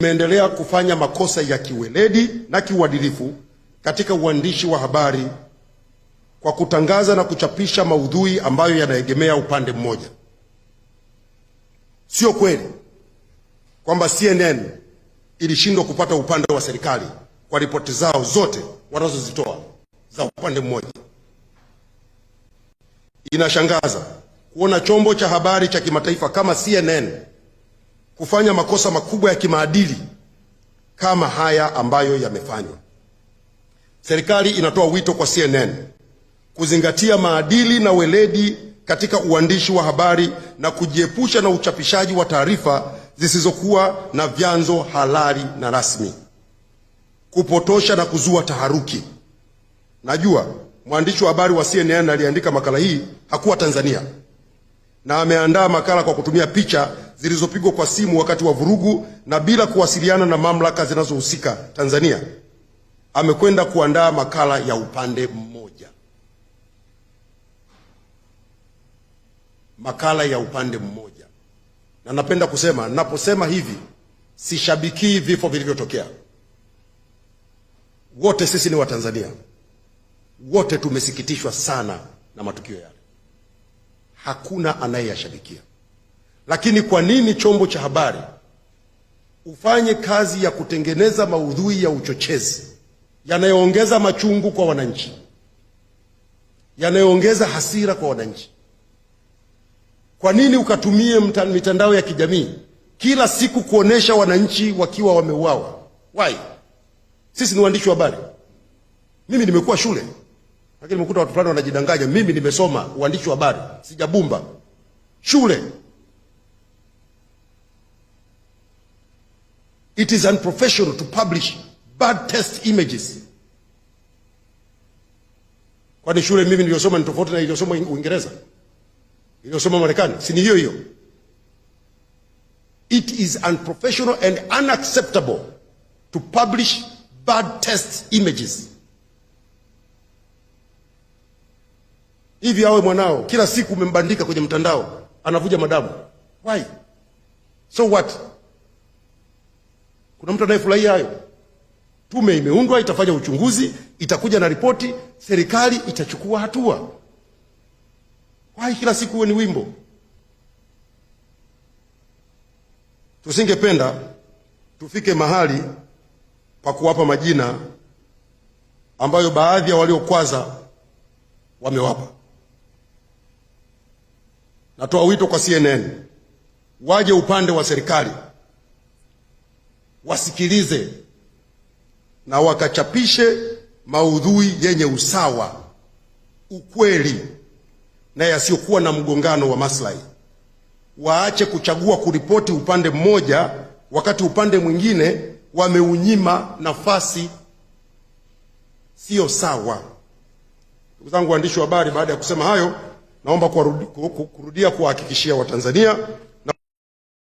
Imeendelea kufanya makosa ya kiweledi na kiuadilifu katika uandishi wa habari kwa kutangaza na kuchapisha maudhui ambayo yanaegemea upande mmoja. Sio kweli kwamba CNN ilishindwa kupata upande wa serikali kwa ripoti zao zote wanazozitoa za upande mmoja. Inashangaza kuona chombo cha habari cha kimataifa kama CNN kufanya makosa makubwa ya kimaadili kama haya ambayo yamefanywa. Serikali inatoa wito kwa CNN kuzingatia maadili na weledi katika uandishi wa habari na kujiepusha na uchapishaji wa taarifa zisizokuwa na vyanzo halali na rasmi, kupotosha na kuzua taharuki. Najua mwandishi wa habari wa CNN aliandika makala hii hakuwa Tanzania na ameandaa makala kwa kutumia picha zilizopigwa kwa simu wakati wa vurugu na bila kuwasiliana na mamlaka zinazohusika Tanzania. Amekwenda kuandaa makala ya upande mmoja, makala ya upande mmoja. Na napenda kusema, naposema hivi sishabikii vifo vilivyotokea. Wote sisi ni Watanzania, wote tumesikitishwa sana na matukio yao hakuna anayeyashabikia. Lakini kwa nini chombo cha habari ufanye kazi ya kutengeneza maudhui ya uchochezi yanayoongeza machungu kwa wananchi, yanayoongeza hasira kwa wananchi? Kwa nini ukatumie mitandao ya kijamii kila siku kuonesha wananchi wakiwa wameuawa? Why? Sisi ni waandishi wa habari. Mimi nimekuwa shule lakini mkuta watu fulani wanajidanganya, mimi nimesoma uandishi wa habari, sijabumba shule. It is unprofessional to publish bad test images. Kwani shule mimi niliyosoma ni tofauti na iliyosoma Uingereza, iliyosoma Marekani? Si ni hiyo hiyo? It is unprofessional and unacceptable to publish bad test images. hivi awe mwanao, kila siku umembandika kwenye mtandao, anavuja madamu. Why? So what? Kuna mtu anayefurahia hayo? Tume imeundwa, itafanya uchunguzi, itakuja na ripoti, serikali itachukua hatua. Why kila siku huwe ni wimbo? Tusingependa tufike mahali pa kuwapa majina ambayo baadhi ya waliokwaza wamewapa. Natoa wito kwa CNN waje upande wa serikali wasikilize na wakachapishe maudhui yenye usawa, ukweli na yasiyokuwa na mgongano wa maslahi. Waache kuchagua kuripoti upande mmoja wakati upande mwingine wameunyima nafasi. Siyo sawa, ndugu zangu waandishi wa habari. Baada ya kusema hayo Naomba kurudia kuwahakikishia Watanzania